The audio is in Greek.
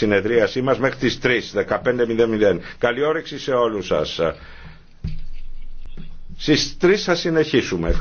συνεδρίασή μας μέχρι τις 3, 15.00. Καλή όρεξη σε όλους σας. Στις 3 θα συνεχίσουμε.